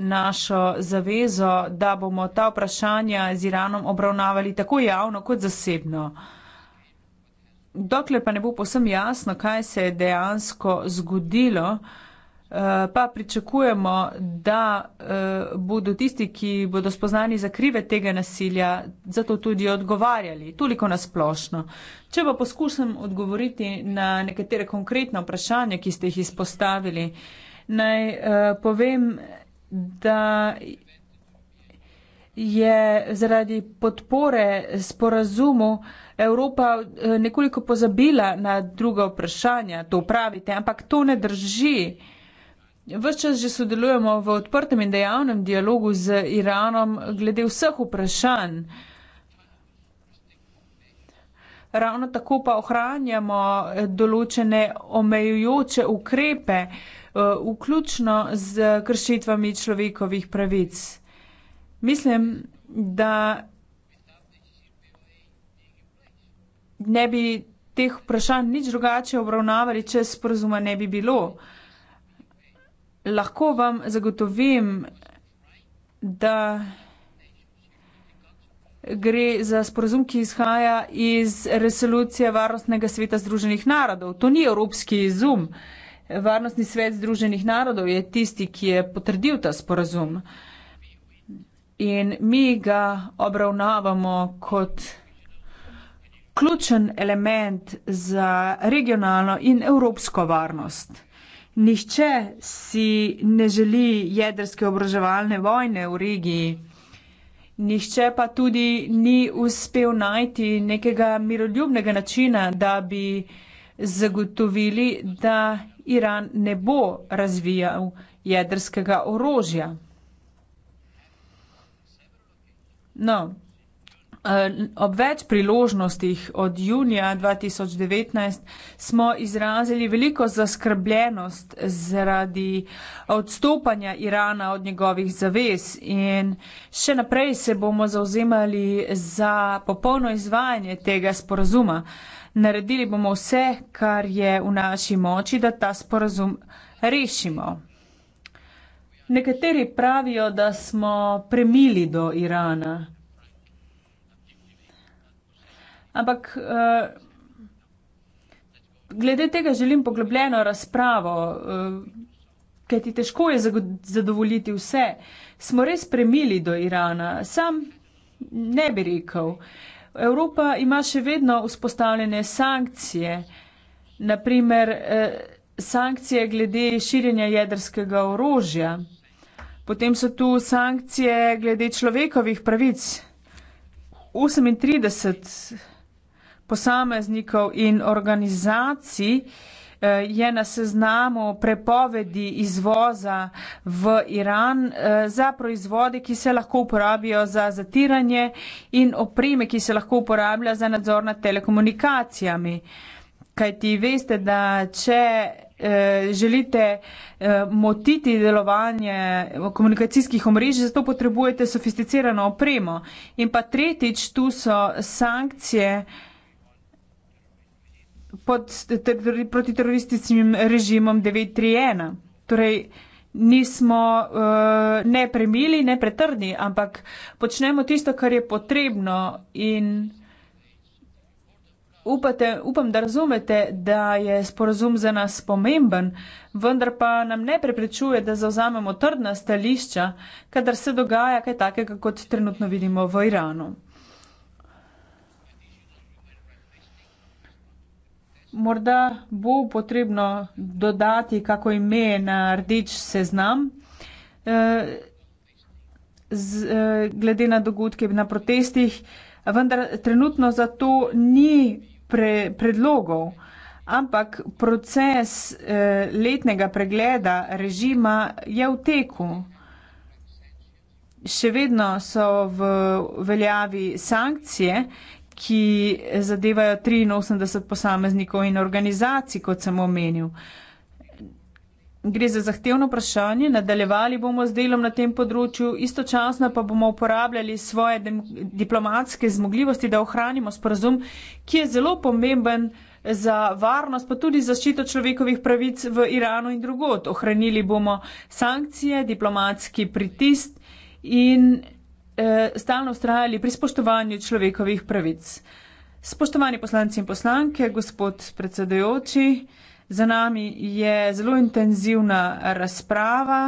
našo zavezo, da bomo ta vprašanja z Iranom obravnavali tako javno kot zasebno. Dokler pa ne bo posem jasno, kaj se je dejansko zgodilo, eh, pa pričakujemo, da eh, bodo tisti, ki bodo spoznani za krive tega nasilja, zato tudi odgovarjali, toliko nasplošno. Če pa poskušam odgovoriti na nekatere konkretne vprašanja, ki ste jih izpostavili, naj eh, povem, da je zaradi podpore sporazumu Evropa eh, nekoliko pozabila na druga vprašanja, to pravite, ampak to ne drži. Vse čas že sodelujemo v odprtem in dejavnem dialogu z Iranom glede vseh vprašanj. Ravno tako pa ohranjamo določene omejujoče ukrepe. Eh, vključno z kršitvami človekovih pravic. Mislim, da ne bi teh vprašanj nič drugače obravnavali, če sporozuma ne bi bilo. Lahko vam zagotovim, da gre za sporozum, ki izhaja iz resolucije Varnostnega sveta Združenih narodov. To ni evropski izum. Uh, Varnostni svet Združenih narodov je tisti, ki je potrdil ta sporazum in mi ga obravnavamo kot ključen element za regionalno in evropsko varnost. Nihče si ne želi jedrske obroževalne vojne v regiji, nihče pa tudi ni uspel najti nekega miroljubnega načina, da bi zagotovili, da Iran ne bo razvijal jedrskega orožja. No, eh, ob več priložnostih od junija 2019 smo izrazili veliko zaskrbljenost zaradi odstopanja Irana od njegovih zavez in še naprej se bomo zauzemali za popolno izvajanje tega sporazuma. Naredili bomo vse, kar je v naši moči, da ta sporazum rešimo. Nekateri pravijo, da smo premili do Irana. Ampak eh, glede tega želim poglobljeno razpravo, eh, ker ti težko je zadovoljiti vse. Smo res premili do Irana? Sam ne bi rekel. Evropa ima še vedno vzpostavljene sankcije, naprimer eh, sankcije glede širjenja jedrskega orožja. Potem so tu sankcije glede človekovih pravic. 38 posameznikov in organizacij Eh, je na seznamu prepovedi izvoza v Iran eh, za proizvode, ki se lahko uporabijo za zatiranje in opreme, ki se lahko uporablja za nadzor nad telekomunikacijami. Kaj ti veste, da če eh, želite eh, motiti delovanje komunikacijskih omrežij, zato potrebujete sofisticirano opremo. In pa tretjič, tu so sankcije eh, pod ter, protiterorističnim režimom 931. Torej, nismo uh, ne premili, ne pretrdni, ampak počnemo tisto, kar je potrebno in upate, upam, da razumete, da je sporozum za nas pomemben, vendar pa nam ne preprečuje, da zauzamemo trdna stališča, kadar se dogaja kaj takega, kot trenutno vidimo v Iranu. morda bo potrebno dodati kako ime na rdeč seznam. Eh, z, eh, glede na dogodke na protestih, vendar trenutno za to ni pre, predlogov, ampak proces eh, letnega pregleda režima je v teku. Še vedno so v veljavi sankcije, ki zadevajo 83 posameznikov in organizacij, kot sem omenil. Gre za zahtevno vprašanje, nadaljevali bomo z delom na tem področju, istočasno pa bomo uporabljali svoje diplomatske zmogljivosti, da ohranimo sporazum, ki je zelo pomemben za varnost, pa tudi zaščito človekovih pravic v Iranu in drugot. Ohranili bomo sankcije, diplomatski pritist in eh, stalno ustrajali pri spoštovanju človekovih pravic. Spoštovani poslanci in poslanke, gospod predsedujoči, za nami je zelo intenzivna razprava.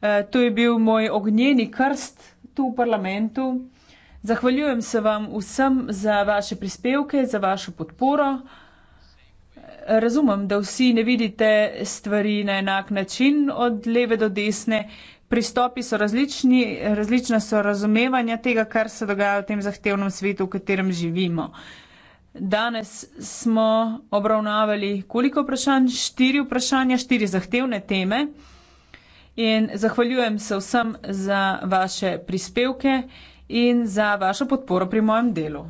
Eh, to je bil moj ognjeni krst tu v parlamentu. Zahvaljujem se vam vsem za vaše prispevke, za vašo podporo. Eh, razumem, da vsi ne vidite stvari na enak način, od leve do desne, pristopi so različni, različna so razumevanja tega, kar se dogaja v tem zahtevnem svetu, v katerem živimo. Danes smo obravnavali koliko vprašanj? Štiri vprašanja, štiri zahtevne teme. In zahvaljujem se vsem za vaše prispevke in za vašo podporo pri mojem delu.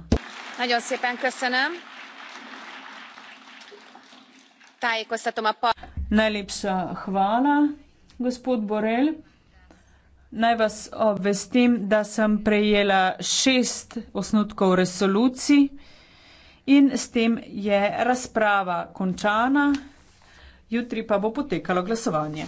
Najlepša hvala, gospod Borel. Naj vas obvestim, da sem prejela šest osnutkov resolucij in s tem je razprava končana. Jutri pa bo potekalo glasovanje.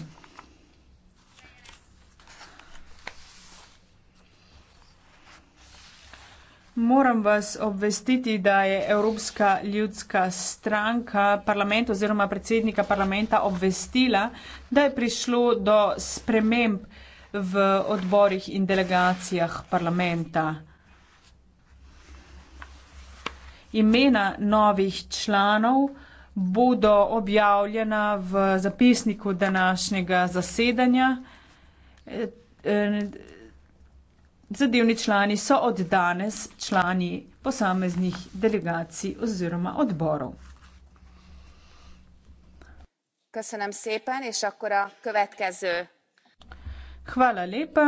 Moram vas obvestiti, da je Evropska ljudska stranka parlament oziroma predsednika parlamenta obvestila, da je prišlo do sprememb v odborih in delegacijah parlamenta. Imena novih članov bodo objavljena v zapisniku današnjega zasedanja. E, e, zadevni člani so od danes člani posameznih delegacij oziroma odborov. Köszönöm szépen, és akkor a következő Hvala lepa.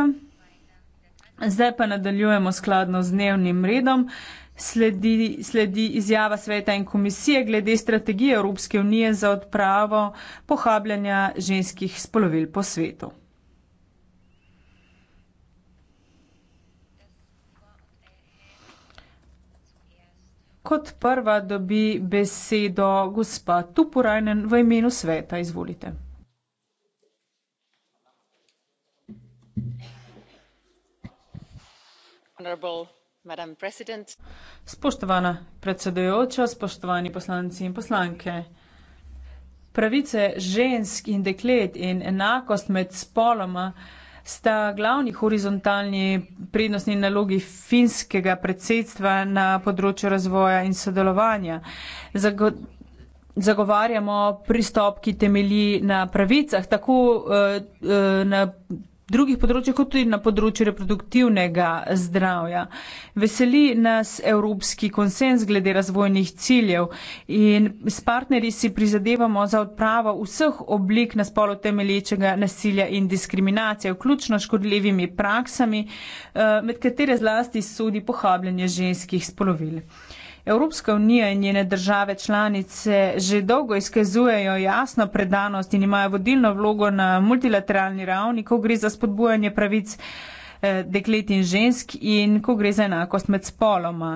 Zdaj pa nadaljujemo skladno z dnevnim redom. Sledi, sledi izjava sveta in komisije glede strategije Evropske unije za odpravo pohabljanja ženskih spolovil po svetu. Kot prva dobi besedo gospa Tupurajnen v imenu sveta. Izvolite. Spoštovana predsedujoča, spoštovani poslanci in poslanke. Pravice žensk in deklet in enakost med spoloma sta glavni horizontalni prednostni nalogi finskega predsedstva na področju razvoja in sodelovanja. zagovarjamo pristop, ki temelji na pravicah, tako, eh, eh, na drugih področjih, kot tudi na področju reproduktivnega zdravja. Veseli nas evropski konsens glede razvojnih ciljev in s partnerji si prizadevamo za odpravo vseh oblik na spolu temelječega nasilja in diskriminacije, vključno škodljivimi praksami, eh, med katere zlasti sodi pohabljanje ženskih spolovil. Evropska unija in njene države članice že dolgo izkazujejo jasno predanost in imajo vodilno vlogo na multilateralni ravni, ko gre za spodbujanje pravic eh, deklet in žensk in ko gre za enakost med spoloma.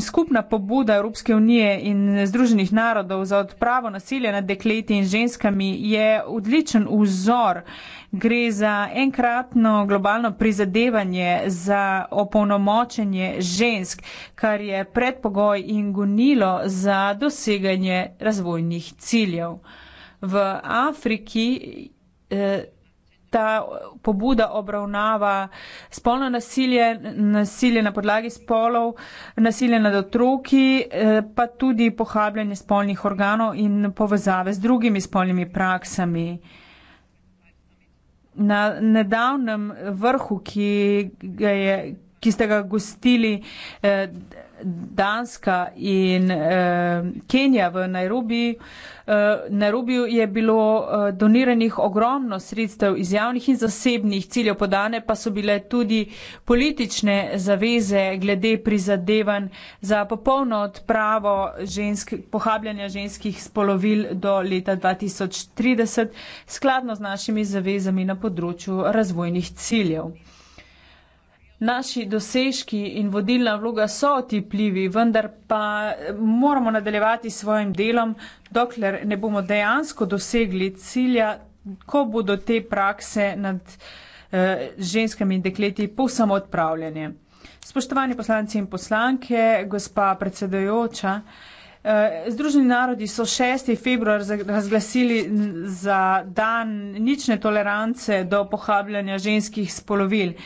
Skupna pobuda Evropske unije in Združenih narodov za odpravo nasilja nad dekleti in ženskami je odličen vzor. Gre za enkratno globalno prizadevanje za opolnomočenje žensk, kar je predpogoj in gonilo za doseganje razvojnih ciljev. V Afriki. Eh, ta pobuda obravnava spolno nasilje, nasilje na podlagi spolov, nasilje nad otroki, eh, pa tudi pohabljanje spolnih organov in povezave z drugimi spolnimi praksami. Na nedavnem vrhu, ki, je, ki ste ga gostili, eh, Danska in eh, Kenija v Nairobi. Eh, Nairobi je bilo eh, doniranih ogromno sredstev iz javnih in zasebnih ciljev podane, pa so bile tudi politične zaveze glede prizadevanj za popolno odpravo žensk, pohabljanja ženskih spolovil do leta 2030, skladno z našimi zavezami na področju razvojnih ciljev. Naši dosežki in vodilna vloga so otipljivi, vendar pa eh, moramo nadaljevati s svojim delom, dokler ne bomo dejansko dosegli cilja, ko bodo te prakse nad eh, ženskami in dekleti povsem odpravljene. Spoštovani poslanci in poslanke, gospa predsedojoča, eh, Združeni narodi so 6. februar razglasili za dan nične tolerance do pohabljanja ženskih spolovil. Eh,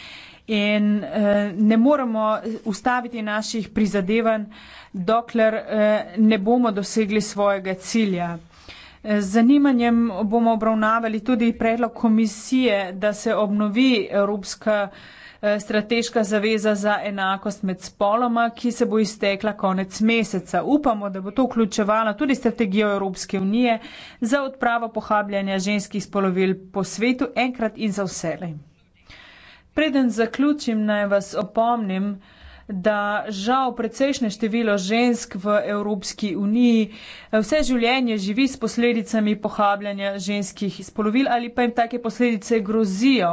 in eh, ne moremo ustaviti naših prizadevanj, dokler eh, ne bomo dosegli svojega cilja. Eh, z zanimanjem bomo obravnavali tudi predlog komisije, da se obnovi Evropska eh, strateška zaveza za enakost med spoloma, ki se bo iztekla konec meseca. Upamo, da bo to vključevalo tudi strategijo Evropske unije za odpravo pohabljanja ženskih spolovil po svetu enkrat in za vselej. Preden zaključim, naj vas opomnim, da žal precejšnje število žensk v Evropski uniji eh, vse življenje živi s posledicami pohabljanja ženskih spolovil ali pa jim take posledice grozijo.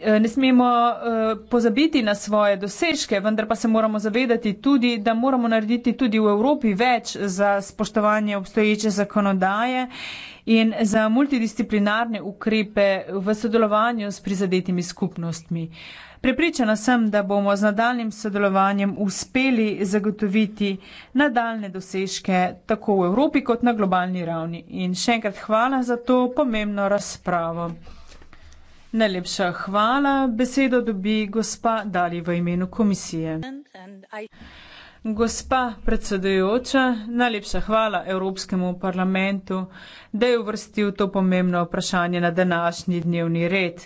Eh, ne smemo eh, pozabiti na svoje dosežke, vendar pa se moramo zavedati tudi, da moramo narediti tudi v Evropi več za spoštovanje obstoječe zakonodaje in za multidisciplinarne ukrepe v sodelovanju s prizadetimi skupnostmi. Prepričana sem, da bomo z nadaljnim sodelovanjem uspeli zagotoviti nadaljne dosežke tako v Evropi kot na globalni ravni. In še enkrat hvala za to pomembno razpravo. Najlepša hvala. Besedo dobi gospa Dali v imenu komisije. Gospa predsedujoča, najlepša hvala Evropskemu parlamentu, da je uvrstil to pomembno vprašanje na današnji dnevni red.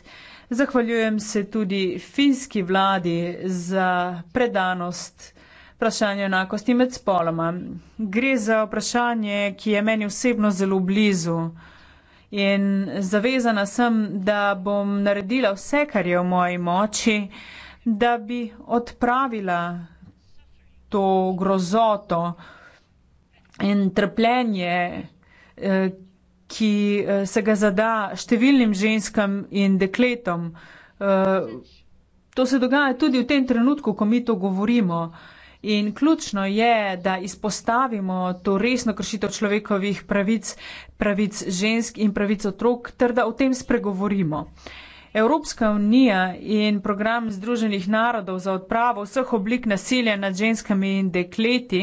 Zahvaljujem se tudi finski vladi za predanost vprašanju enakosti med spoloma. Gre za vprašanje, ki je meni osebno zelo blizu in zavezana sem, da bom naredila vse, kar je v moji moči, da bi odpravila to grozoto in trpljenje, eh, ki eh, se ga zada številnim ženskam in dekletom. Eh, to se dogaja tudi v tem trenutku, ko mi to govorimo. In ključno je, da izpostavimo to resno kršitev človekovih pravic, pravic žensk in pravic otrok, ter da o tem spregovorimo. Evropska unija in program Združenih narodov za odpravo vseh oblik nasilja nad ženskami in dekleti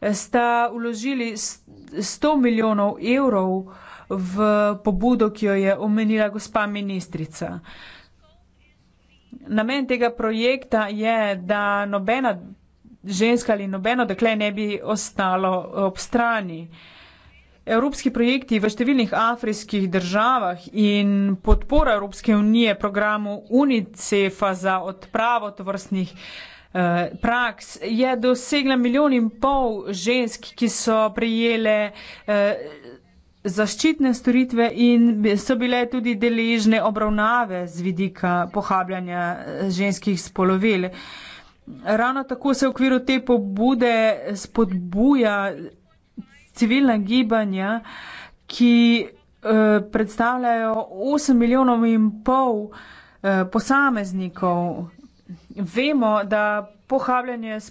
eh, sta uložili 100 milijonov evrov v pobudo, ki jo je omenila gospa ministrica. Namen tega projekta je, da nobena ženska ali nobeno dekle ne bi ostalo ob strani. Evropski projekti v številnih afriških državah in podpora Evropske unije programu UNICEF-a za odpravo tovrstnih eh, praks je dosegla milijon in pol žensk, ki so prijele eh, zaščitne storitve in so bile tudi deležne obravnave z vidika pohabljanja eh, ženskih spolovil. Ravno tako se v okviru te pobude spodbuja civilna gibanja, ki eh, predstavljajo 8 milijonov in pol eh, posameznikov. Vemo, da Pohabljanje eh,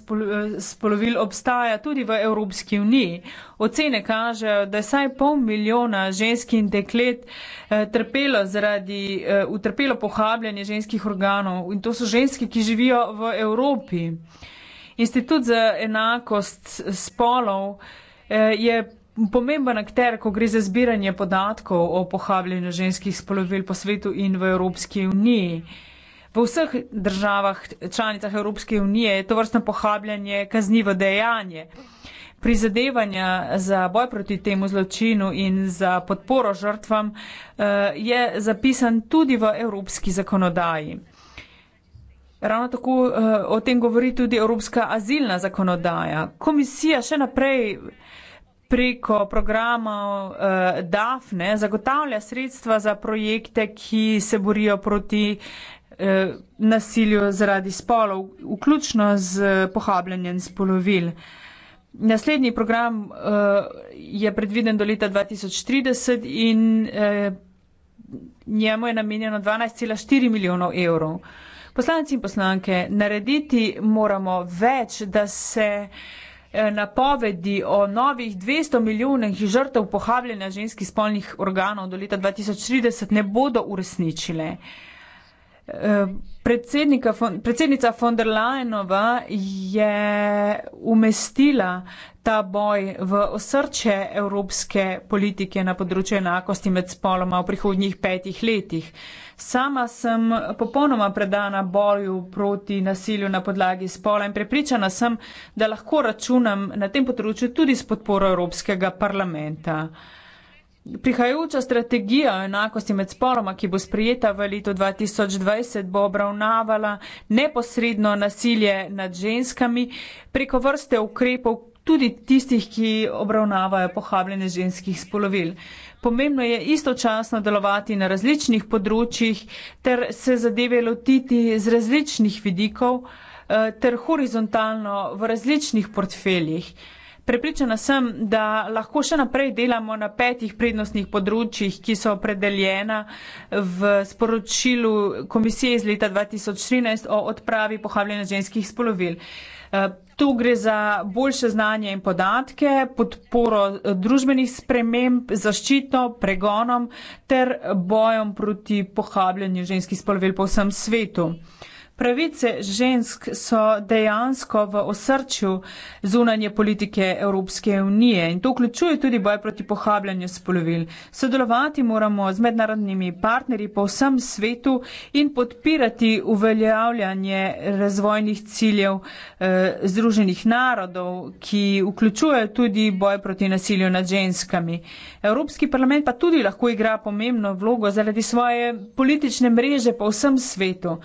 spolovil obstaja tudi v Evropski uniji. Ocene kažejo, da je saj pol milijona žensk in deklet eh, trpelo zaradi eh, utrpelo pohabljanje ženskih organov in to so ženske, ki živijo v Evropi. Institut za enakost spolov je pomemben akter, ko gre za zbiranje podatkov o pohabljanju ženskih spolovil po svetu in v Evropski uniji po vseh državah, članicah Evropske unije, je to vrstno pohabljanje kaznivo dejanje. Prizadevanja za boj proti temu zločinu in za podporo žrtvam eh, je zapisan tudi v evropski zakonodaji. Ravno tako eh, o tem govori tudi evropska azilna zakonodaja. Komisija še naprej preko programov eh, DAFNE zagotavlja sredstva za projekte, ki se borijo proti eh, nasilju zaradi spolov, vključno z pohabljanjem spolovil. Naslednji program eh, je predviden do leta 2030 in eh, njemu je namenjeno 12,4 milijonov evrov. Poslanci in poslanke, narediti moramo več, da se eh, napovedi o novih 200 milijonih žrtev pohabljanja ženskih spolnih organov do leta 2030 ne bodo uresničile. Uh, Eh, predsednika, predsednica von der Leyenova je umestila ta boj v osrče evropske politike na področju enakosti med spoloma v prihodnjih petih letih. Sama sem popolnoma predana boju proti nasilju na podlagi spola in prepričana sem, da lahko računam na tem področju tudi s podporo Evropskega parlamenta. Uh, Prihajajoča strategija o enakosti med sporoma, ki bo sprijeta v letu 2020, bo obravnavala neposredno nasilje nad ženskami preko vrste ukrepov, tudi tistih, ki obravnavajo pohabljene ženskih spolovil. Pomembno je istočasno delovati na različnih področjih ter se zadeve lotiti z različnih vidikov eh, ter horizontalno v različnih portfeljih. Prepričana sem, da lahko še naprej delamo na petih prednostnih področjih, ki so opredeljena v sporočilu komisije iz leta 2013 o odpravi pohabljanja ženskih spolovil. Eh, tu gre za boljše znanje in podatke, podporo eh, družbenih sprememb, zaščito, pregonom ter bojem proti pohabljanju ženskih spolovil po vsem svetu. Pravice žensk so dejansko v osrčju zunanje politike Evropske unije in to vključuje tudi boj proti pohabljanju spolovil. Sodelovati moramo z mednarodnimi partnerji po vsem svetu in podpirati uveljavljanje razvojnih ciljev eh, Združenih narodov, ki vključuje tudi boj proti nasilju nad ženskami. Evropski parlament pa tudi lahko igra pomembno vlogo zaradi svoje politične mreže po vsem svetu.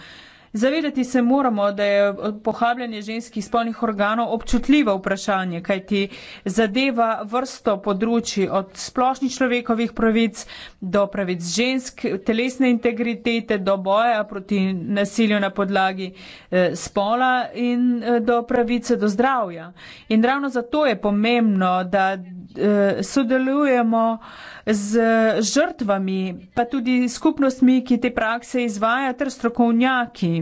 Zavedati se moramo, da je eh, pohabljanje ženskih spolnih organov občutljivo vprašanje, kajti zadeva vrsto področji od splošnih človekovih pravic do pravic žensk, telesne integritete, do boja proti nasilju na podlagi eh, spola in eh, do pravice do zdravja. In ravno zato je pomembno, da Eh, sodelujemo z žrtvami, pa tudi skupnostmi, ki te prakse izvaja, ter strokovnjaki.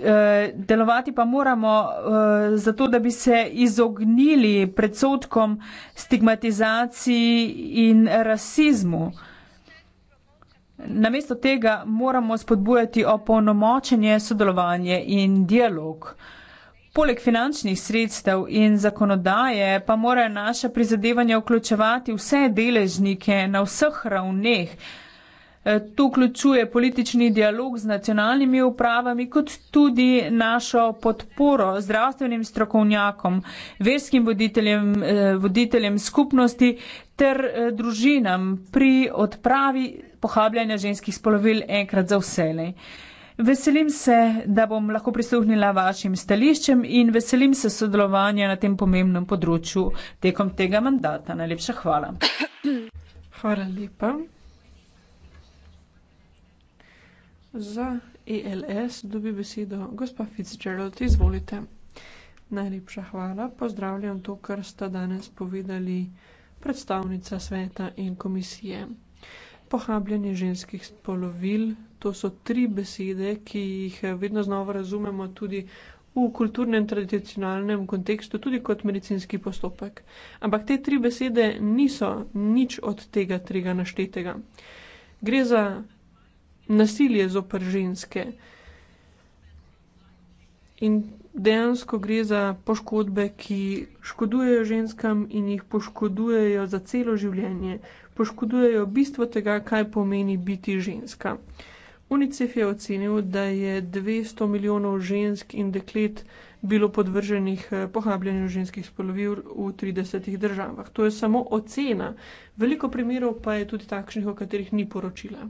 Eh, delovati pa moramo eh, zato, da bi se izognili predsotkom stigmatizaciji in rasizmu. Namesto tega moramo spodbujati opolnomočenje, sodelovanje in dialog. Poleg finančnih sredstev in zakonodaje pa morajo naša prizadevanja vključevati vse deležnike na vseh ravneh. E, to vključuje politični dialog z nacionalnimi upravami, kot tudi našo podporo zdravstvenim strokovnjakom, verskim voditeljem, e, voditeljem skupnosti ter e, družinam pri odpravi pohabljanja ženskih spolovil enkrat za vselej. Veselim se, da bom lahko prisluhnila vašim stališčem in veselim se sodelovanja na tem pomembnem področju tekom tega mandata. Najlepša hvala. Hvala lepa. Za ELS dobi besedo gospa Fitzgerald. Izvolite. Najlepša hvala. Pozdravljam to, kar sta danes povedali predstavnica sveta in komisije. Pohabljanje ženskih spolovil to so tri besede, ki jih vedno znova razumemo tudi v kulturnem tradicionalnem kontekstu, tudi kot medicinski postopek. Ampak te tri besede niso nič od tega trega naštetega. Gre za nasilje zopr ženske in dejansko gre za poškodbe, ki škodujejo ženskam in jih poškodujejo za celo življenje, poškodujejo bistvo tega, kaj pomeni biti ženska. UNICEF je ocenil, da je 200 milijonov žensk in deklet bilo podvrženih eh, pohabljanju ženskih spolovil v 30 državah. To je samo ocena. Veliko primerov pa je tudi takšnih, o katerih ni poročila.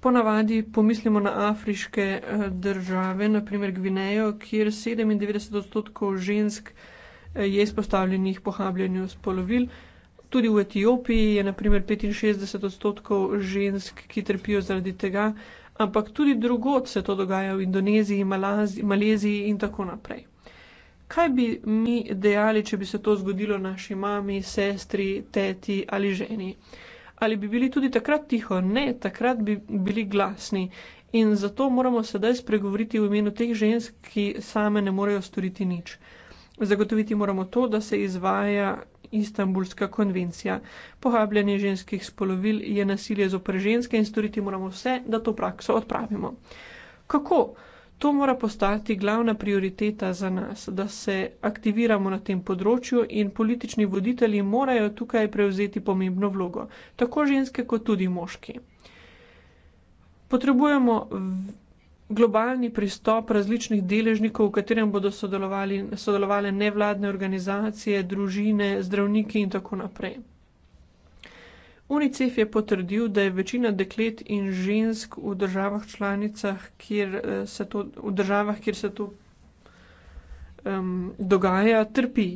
Ponavadi pomislimo na afriške eh, države, naprimer Gvinejo, kjer 97 odstotkov žensk eh, je izpostavljenih pohabljanju spolovil. Tudi v Etiopiji je naprimer 65 odstotkov žensk, ki trpijo zaradi tega, ampak tudi drugot se to dogaja v Indoneziji, Malazi, Maleziji in tako naprej. Kaj bi mi dejali, če bi se to zgodilo naši mami, sestri, teti ali ženi? Ali bi bili tudi takrat tiho? Ne, takrat bi bili glasni. In zato moramo sedaj spregovoriti v imenu teh žensk, ki same ne morejo storiti nič. Zagotoviti moramo to, da se izvaja Istanbulska konvencija. Pohabljanje ženskih spolovil je nasilje zopr ženske in storiti moramo vse, da to prakso odpravimo. Kako? To mora postati glavna prioriteta za nas, da se aktiviramo na tem področju in politični voditelji morajo tukaj prevzeti pomembno vlogo, tako ženske kot tudi moški. Potrebujemo globalni pristop različnih deležnikov, v katerem bodo sodelovali nevladne organizacije, družine, zdravniki in tako naprej. UNICEF je potrdil, da je večina deklet in žensk v državah članicah, kjer eh, se to, v državah, kjer se to um, dogaja, trpi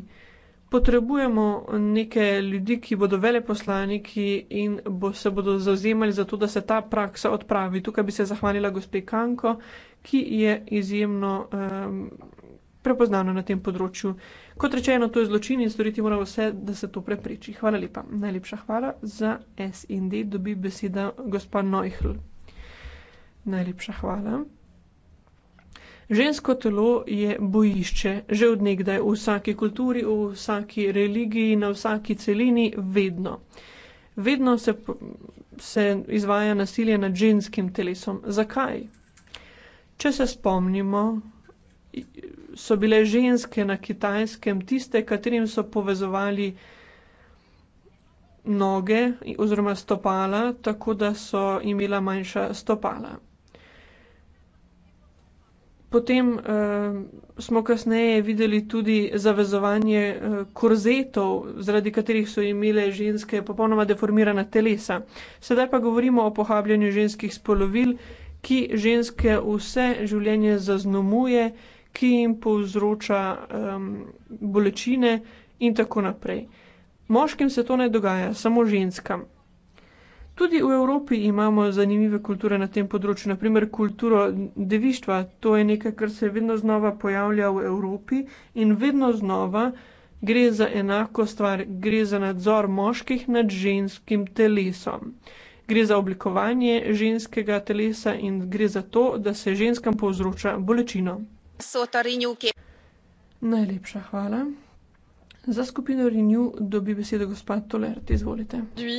potrebujemo neke ljudi, ki bodo veleposlaniki in bo se bodo zauzemali za to, da se ta praksa odpravi. Tukaj bi se zahvalila gospe Kanko, ki je izjemno um, prepoznana na tem področju. Kot rečeno, to je zločin in storiti moramo vse, da se to prepreči. Hvala lepa. Najlepša hvala za S in D, dobi beseda gospa Neuchl. Najlepša hvala. Žensko telo je bojišče, že odnegdaj v vsaki kulturi, v vsaki religiji, na vsaki celini, vedno. Vedno se, se izvaja nasilje nad ženskim telesom. Zakaj? Če se spomnimo, so bile ženske na kitajskem tiste, katerim so povezovali noge oziroma stopala, tako da so imela manjša stopala. Potem uh, smo kasneje videli tudi zavezovanje uh, korzetov, zaradi katerih so imele ženske popolnoma deformirana telesa. Sedaj pa govorimo o pohabljanju ženskih spolovil, ki ženske vse življenje zaznamuje, ki jim povzroča um, bolečine in tako naprej. Moškim se to ne dogaja, samo ženskam. Tudi v Evropi imamo zanimive kulture na tem področju, naprimer kulturo devištva. To je nekaj, kar se vedno znova pojavlja v Evropi in vedno znova gre za enako stvar, gre za nadzor moških nad ženskim telesom. Gre za oblikovanje ženskega telesa in gre za to, da se ženskam povzroča bolečino. Najlepša hvala. Za skupino Renew dobi besedo gospod Tolert, izvolite. Dvi.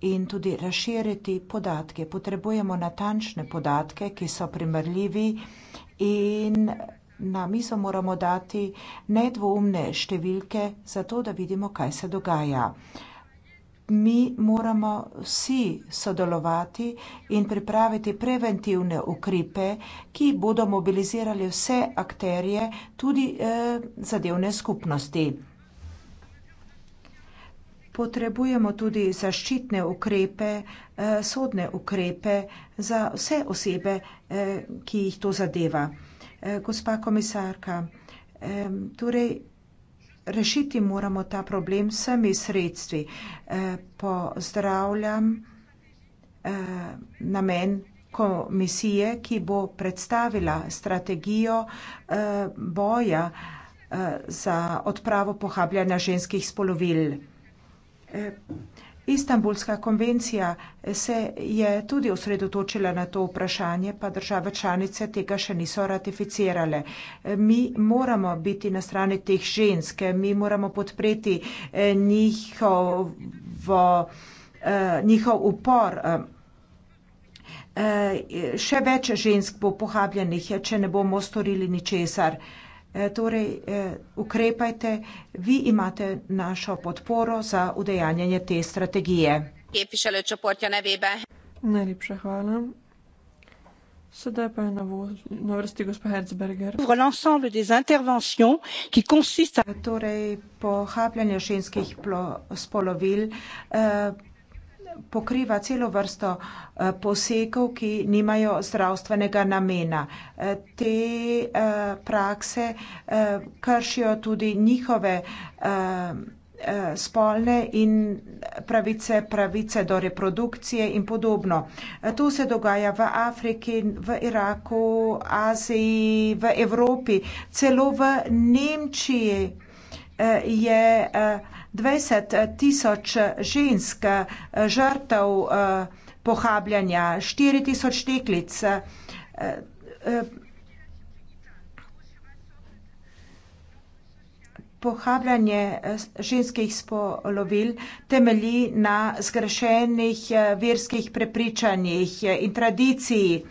in tudi razširiti podatke. Potrebujemo natančne podatke, ki so primerljivi in na mizo moramo dati nedvoumne številke, zato da vidimo, kaj se dogaja. Mi moramo vsi sodelovati in pripraviti preventivne ukripe, ki bodo mobilizirali vse akterje, tudi eh, zadevne skupnosti potrebujemo tudi zaščitne ukrepe, eh, sodne ukrepe za vse osebe, eh, ki jih to zadeva. Eh, gospa komisarka, torej rešiti moramo ta problem s vsemi sredstvi. Pozdravljam namen komisije, ki bo predstavila strategijo boja za odpravo pohabljanja ženskih spolovil. Istanbulska konvencija se je tudi osredotočila na to vprašanje, pa države članice tega še niso ratificirale. Mi moramo biti na strani teh žensk, mi moramo podpreti eh, njihovo, eh, njihov upor. Eh, še več žensk bo pohabljenih, če ne bomo storili ničesar. Eh, torej eh, ukrepajte, vi imate našo podporo za udejanjanje te strategije. Najlepša hvala. Sedaj pa je na, na vrsti gospod Herzberger. Torej, pohabljanje ženskih spolovil. Eh, pokriva celo vrsto eh, posegov, ki nimajo zdravstvenega namena. Eh, te eh, prakse kršijo tudi njihove spolne in pravice, pravice do reprodukcije in podobno. To se dogaja v Afriki, v Iraku, Aziji, v Evropi, celo v Nemčiji je 20 tisoč žensk eh, žrtev eh, pohabljanja, 4 tisoč teklic. Eh, pohabljanje ženskih spolovil temelji na zgrešenih verskih prepričanjih in tradiciji.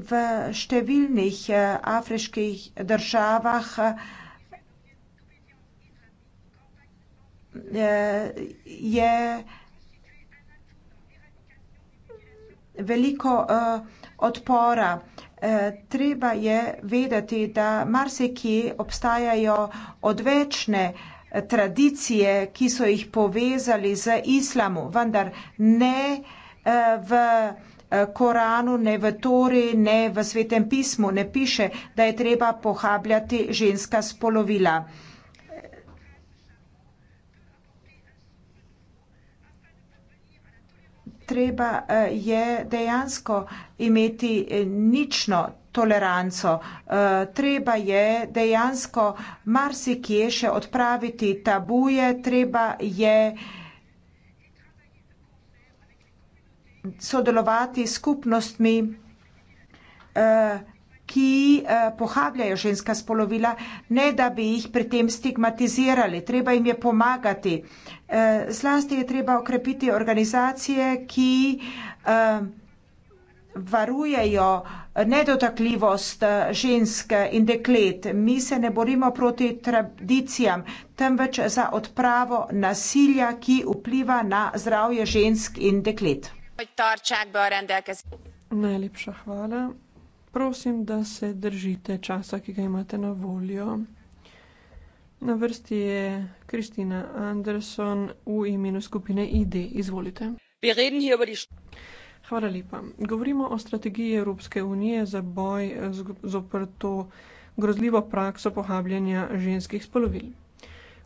V številnih afriških državah Eh, je veliko eh, odpora. Eh, treba je vedeti, da marsikje obstajajo odvečne tradicije, ki so jih povezali z islamom, vendar ne v Koranu, ne v Tori, ne v Svetem pismu ne piše, da je treba pohabljati ženska spolovila. treba, eh, je dejansko imeti eh, nično toleranco. Eh, treba je dejansko marsikje še odpraviti tabuje, treba je sodelovati s skupnostmi, ki eh, pohabljajo ženska spolovila, ne da bi jih pri tem stigmatizirali. Treba jim je pomagati. Eh, zlasti je treba okrepiti organizacije, ki eh, varujejo nedotakljivost ženske in deklet. Mi se ne borimo proti tradicijam, temveč za odpravo nasilja, ki vpliva na zdravje žensk in deklet. Najlepša hvala prosim, da se držite časa, ki ga imate na voljo. Na vrsti je Kristina Anderson v imenu skupine ID. Izvolite. Hvala lepa. Govorimo o strategiji Evropske unije za boj z oprto grozljivo prakso pohabljanja ženskih spolovil.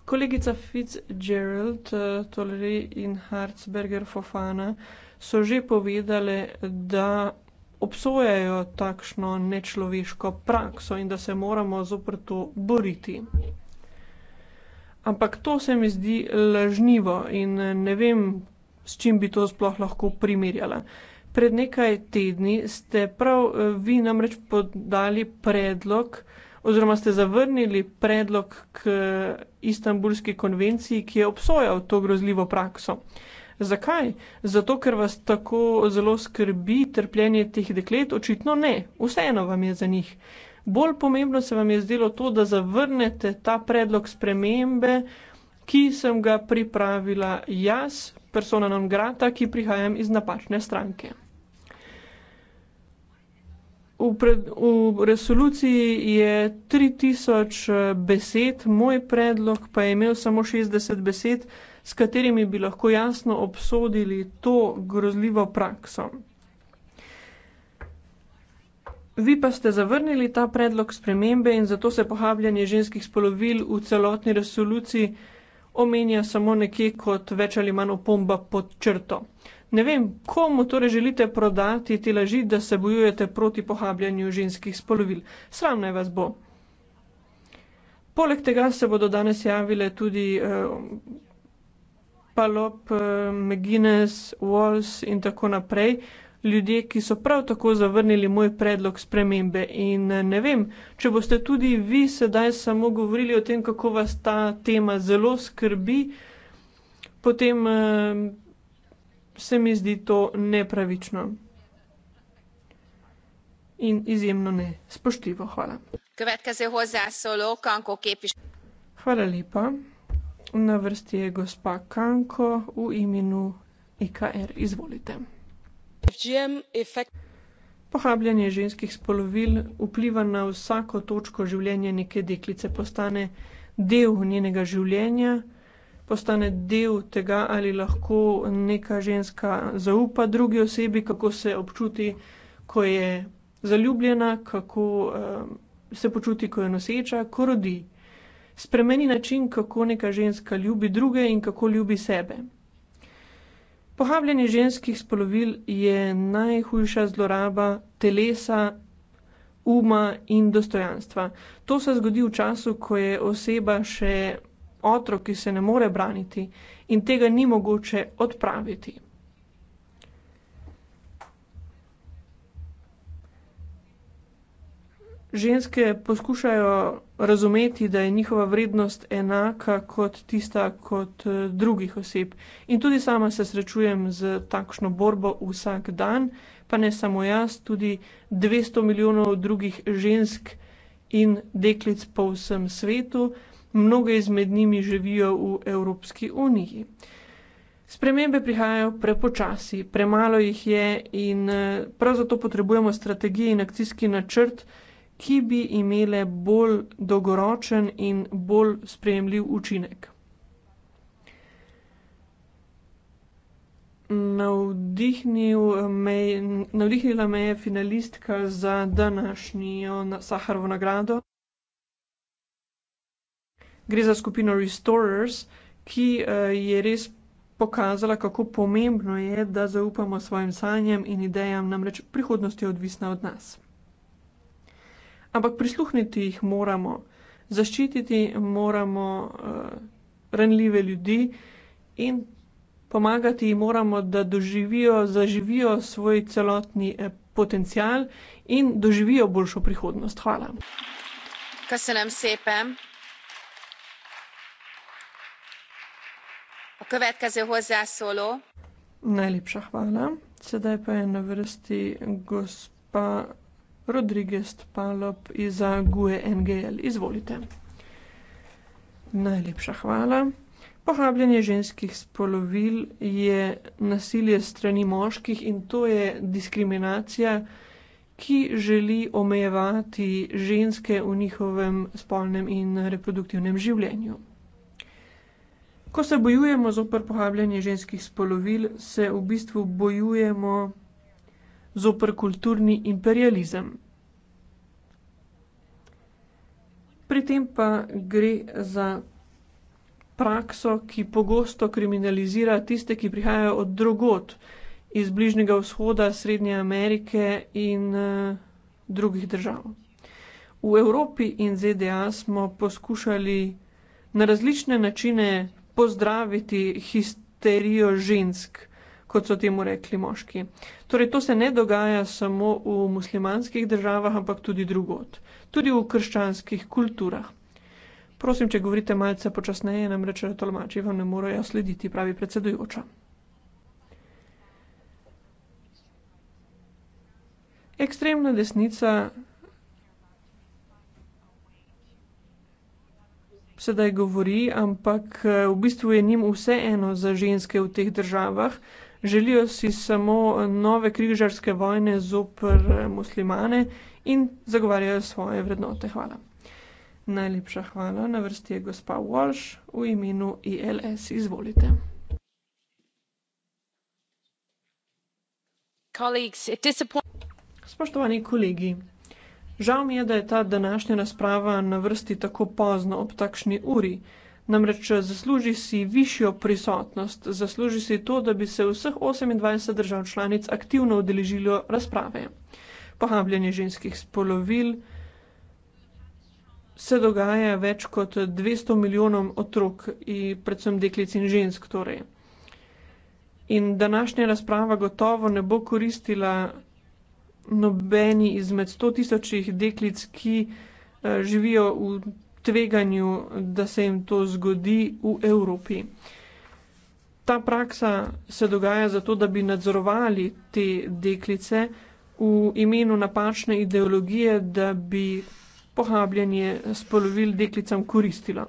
Kolegica Fitzgerald, eh, Tolerej in Harzberger Fofana so že povedale, da obsojajo takšno nečloveško prakso in da se moramo zoprt to boriti. Ampak to se mi zdi lažnivo in ne vem, s čim bi to sploh lahko primerjala. Pred nekaj tedni ste prav eh, vi namreč podali predlog oziroma ste zavrnili predlog k istambulski konvenciji, ki je obsojal to grozljivo prakso. Zakaj? Zato, ker vas tako zelo skrbi trpljenje teh deklet? Očitno ne, vseeno vam je za njih. Bolj pomembno se vam je zdelo to, da zavrnete ta predlog spremembe, ki sem ga pripravila jaz, persona non grata, ki prihajam iz napačne stranke. V, pred, v resoluciji je 3000 besed, moj predlog pa je imel samo 60 besed s katerimi bi lahko jasno obsodili to grozljivo prakso. Vi pa ste zavrnili ta predlog spremembe in zato se pohabljanje ženskih spolovil v celotni resoluciji omenja samo nekje kot več ali manj opomba pod črto. Ne vem, komu torej želite prodati te laži, da se bojujete proti pohabljanju ženskih spolovil. Sram naj vas bo. Poleg tega se bodo danes javile tudi eh, Palop, eh, McGuinness, Walls in tako naprej, ljudje, ki so prav tako zavrnili moj predlog spremembe. In eh, ne vem, če boste tudi vi sedaj samo govorili o tem, kako vas ta tema zelo skrbi, potem eh, se mi zdi to nepravično. In izjemno ne spoštljivo. Hvala. Hvala lepa. Na vrsti je gospa Kanko v imenu IKR. Izvolite. Pohabljanje ženskih spolovil vpliva na vsako točko življenja neke deklice, postane del njenega življenja, postane del tega, ali lahko neka ženska zaupa drugi osebi, kako se občuti, ko je zaljubljena, kako, eh, se počuti, ko je noseča, ko rodi spremeni način, kako neka ženska ljubi druge in kako ljubi sebe. Pohabljanje ženskih spolovil je najhujša zloraba telesa, uma in dostojanstva. To se zgodi v času, ko je oseba še otrok, ki se ne more braniti in tega ni mogoče odpraviti. ženske poskušajo razumeti, da je njihova vrednost enaka kot tista kot eh, drugih oseb. In tudi sama se srečujem z takšno borbo vsak dan, pa ne samo jaz, tudi 200 milijonov drugih žensk in deklic po vsem svetu. Mnoge izmed njimi živijo v Evropski uniji. Spremembe prihajajo prepočasi, premalo jih je in eh, prav zato potrebujemo strategije in akcijski načrt, ki bi imele bolj dolgoročen in bolj sprejemljiv učinek. Navdihnil me, navdihnila me je finalistka za današnjo Saharovo nagrado. Gre za skupino Restorers, ki, eh, je res pokazala, kako pomembno je, da zaupamo svojim sanjam in idejam, namreč prihodnost je odvisna od nas ampak prisluhniti jih moramo, zaščititi moramo uh, eh, renljive ljudi in pomagati jim moramo, da doživijo, zaživijo svoj celotni eh, potencial in doživijo boljšo prihodnost. Hvala. Kaj se nam sepe? A következő hozzászóló. Najlepša hvala. Sedaj pa je na vrsti gospa. Rodriguez Palop iz Gue NGL. Izvolite. Najlepša hvala. Pohabljanje ženskih spolovil je nasilje strani moških in to je diskriminacija, ki želi omejevati ženske v njihovem spolnem in reproduktivnem življenju. Ko se bojujemo zoper pohabljanje ženskih spolovil, se v bistvu bojujemo zoper kulturni imperializem. Pri tem pa gre za prakso, ki pogosto kriminalizira tiste, ki prihajajo od drugot, iz Bližnjega vzhoda, Srednje Amerike in uh, drugih držav. V Evropi in ZDA smo poskušali na različne načine pozdraviti histerijo žensk kot so temu rekli moški. Torej, to se ne dogaja samo v muslimanskih državah, ampak tudi drugot, tudi v krščanskih kulturah. Prosim, če govorite malce počasneje, namreč tolmači vam ne morejo slediti, pravi predsedujoča. Ekstremna desnica sedaj govori, ampak eh, v bistvu je njim vse eno za ženske v teh državah, Želijo si samo nove križarske vojne zoper eh, muslimane in zagovarjajo svoje vrednote. Hvala. Najlepša hvala. Na vrsti je gospa Walsh v imenu ILS. Izvolite. Spoštovani kolegi, žal mi je, da je ta današnja razprava na vrsti tako pozno, ob takšni uri. Namreč zasluži si višjo prisotnost, zasluži si to, da bi se vseh 28 držav članic aktivno odeležilo razprave. Pohabljanje ženskih spolovil se dogaja več kot 200 milijonom otrok, in predvsem deklic in žensk. Torej. In današnja razprava gotovo ne bo koristila nobeni izmed 100 tisočih deklic, ki uh, živijo v tveganju, da se jim to zgodi v Evropi. Ta praksa se dogaja zato, da bi nadzorovali te deklice v imenu napačne ideologije, da bi pohabljanje spolovil deklicam koristilo.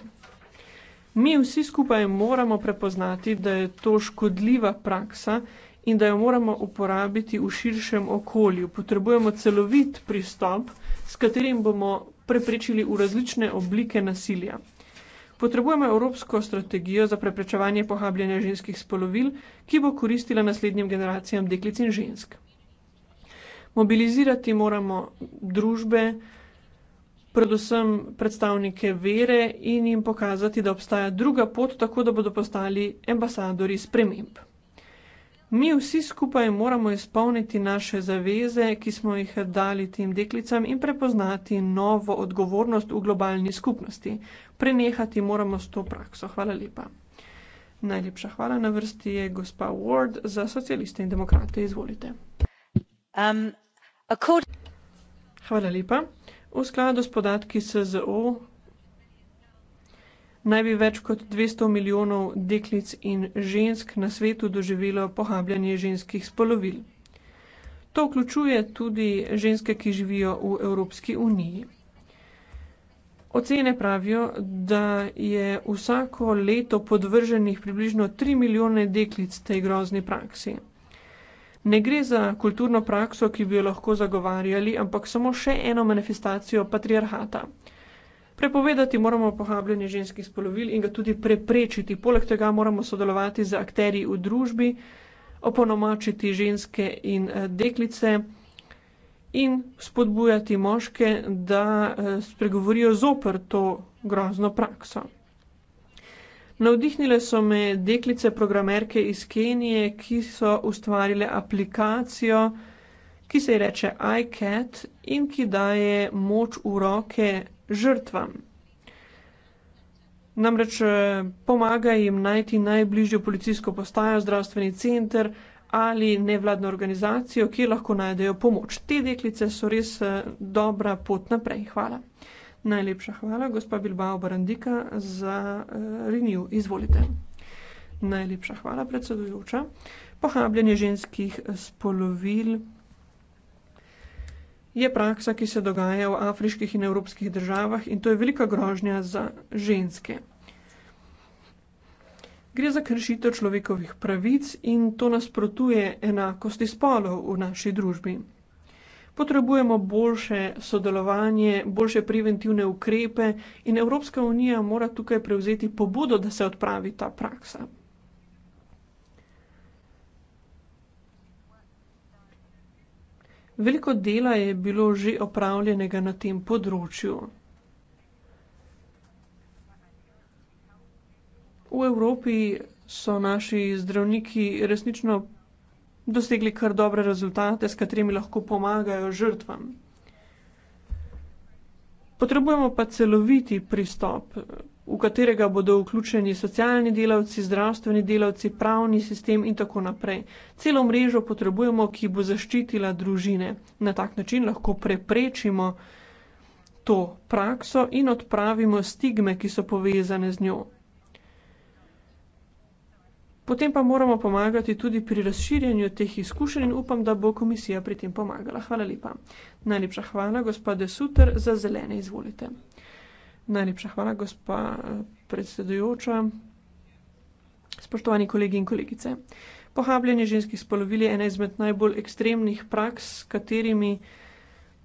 Mi vsi skupaj moramo prepoznati, da je to škodljiva praksa in da jo moramo uporabiti v širšem okolju. Potrebujemo celovit pristop, s katerim bomo preprečili v različne oblike nasilja. Potrebujemo evropsko strategijo za preprečevanje pohabljanja ženskih spolovil, ki bo koristila naslednjim generacijam deklic in žensk. Mobilizirati moramo družbe, predvsem predstavnike vere in jim pokazati, da obstaja druga pot, tako da bodo postali ambasadori sprememb. Mi vsi skupaj moramo izpolniti naše zaveze, ki smo jih dali tem deklicam in prepoznati novo odgovornost v globalni skupnosti. Prenehati moramo s to prakso. Hvala lepa. Najlepša hvala na vrsti je gospa Ward za socialiste in demokrate. Izvolite. Um, hvala lepa. V skladu s podatki SZO naj bi več kot 200 milijonov deklic in žensk na svetu doživelo pohabljanje ženskih spolovil. To vključuje tudi ženske, ki živijo v Evropski uniji. Ocene pravijo, da je vsako leto podvrženih približno 3 milijone deklic tej grozni praksi. Ne gre za kulturno prakso, ki bi jo lahko zagovarjali, ampak samo še eno manifestacijo patriarhata. Prepovedati moramo pohabljanje ženskih spolovil in ga tudi preprečiti. Poleg tega moramo sodelovati z akteri v družbi, opolnomočiti ženske in eh, deklice in spodbujati moške, da eh, spregovorijo zoper to grozno prakso. Navdihnile so me deklice programerke iz Kenije, ki so ustvarile aplikacijo, ki se ji reče iCat in ki daje moč v roke žrtvam. Namreč eh, pomaga jim najti najbližjo policijsko postajo, zdravstveni center ali nevladno organizacijo, kjer lahko najdejo pomoč. Te deklice so res eh, dobra pot naprej. Hvala. Najlepša hvala, gospa Bilbao Barandika, za uh, Renew. Izvolite. Najlepša hvala, predsedujoča. Pohabljanje ženskih spolovil je praksa, ki se dogaja v afriških in evropskih državah in to je velika grožnja za ženske. Gre za kršitev človekovih pravic in to nasprotuje enakosti spolov v naši družbi. Potrebujemo boljše sodelovanje, boljše preventivne ukrepe in Evropska unija mora tukaj prevzeti pobudo, da se odpravi ta praksa. Veliko dela je bilo že opravljenega na tem področju. V Evropi so naši zdravniki resnično dosegli kar dobre rezultate, s katerimi lahko pomagajo žrtvam. Potrebujemo pa celovit pristop v katerega bodo vključeni socialni delavci, zdravstveni delavci, pravni sistem in tako naprej. Celo mrežo potrebujemo, ki bo zaščitila družine. Na tak način lahko preprečimo to prakso in odpravimo stigme, ki so povezane z njo. Potem pa moramo pomagati tudi pri razširjanju teh izkušenj in upam, da bo komisija pri tem pomagala. Hvala lepa. Najlepša hvala, gospode Suter, za zelene izvolite. Najlepša hvala, gospa eh, predsedujoča. Spoštovani kolegi in kolegice. Pohabljanje ženskih spolovil je ena izmed najbolj ekstremnih praks, s katerimi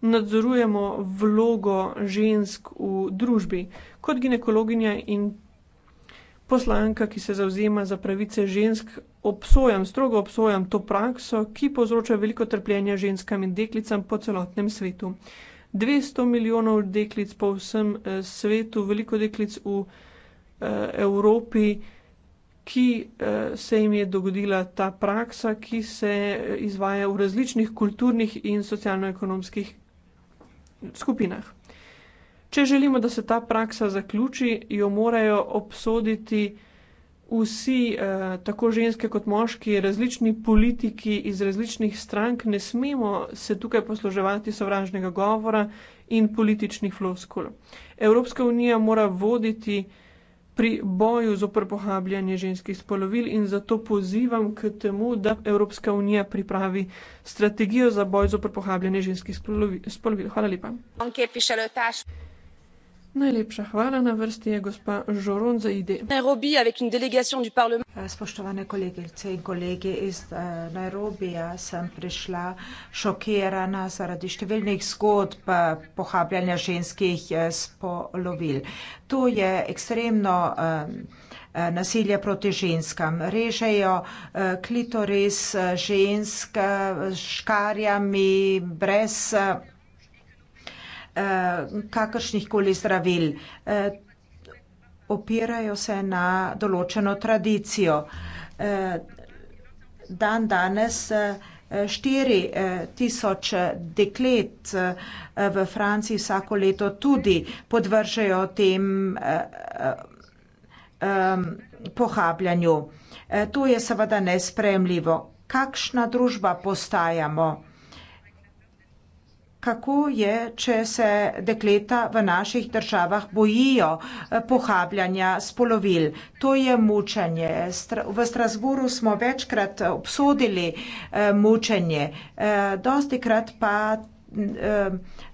nadzorujemo vlogo žensk v družbi. Kot ginekologinja in poslanka, ki se zavzema za pravice žensk, obsojam, strogo obsojam to prakso, ki povzroča veliko trpljenja ženskam in deklicam po celotnem svetu. 200 milijonov deklic po vsem eh, svetu, veliko deklic v eh, Evropi, ki eh, se jim je dogodila ta praksa, ki se eh, izvaja v različnih kulturnih in socialno-ekonomskih skupinah. Če želimo, da se ta praksa zaključi, jo morajo obsoditi vsi, eh, tako ženske kot moški, različni politiki iz različnih strank, ne smemo se tukaj posluževati sovražnega govora in političnih floskul. Evropska unija mora voditi pri boju z oprpohabljanje ženskih spolovil in zato pozivam k temu, da Evropska unija pripravi strategijo za boj z oprpohabljanje ženskih spolovil. Hvala lepa. Okay, Najlepša hvala, na vrsti je gospa Žoron za ide. Nairobi, avec une délégation du parlement. Eh, spoštovane kolegice in kolegi iz eh, Nairobija, sem prišla šokirana zaradi številnih zgodb eh, pohabljanja ženskih spolovil. To je ekstremno nasilje proti ženskam. Režejo klitoris žensk škarjami brez Eh, kakršnih koli zdravil. Eh, opirajo se na določeno tradicijo. Eh, dandanes štiri tisoč deklet v Franciji vsako leto tudi podvržejo tem pohabljanju. To je seveda nesprejemljivo. Kakšna družba postajamo? kako je, če se dekleta v naših državah bojijo eh, pohabljanja spolovil. To je mučenje. V Strasburu smo večkrat obsodili eh, mučenje, eh, dosti krat pa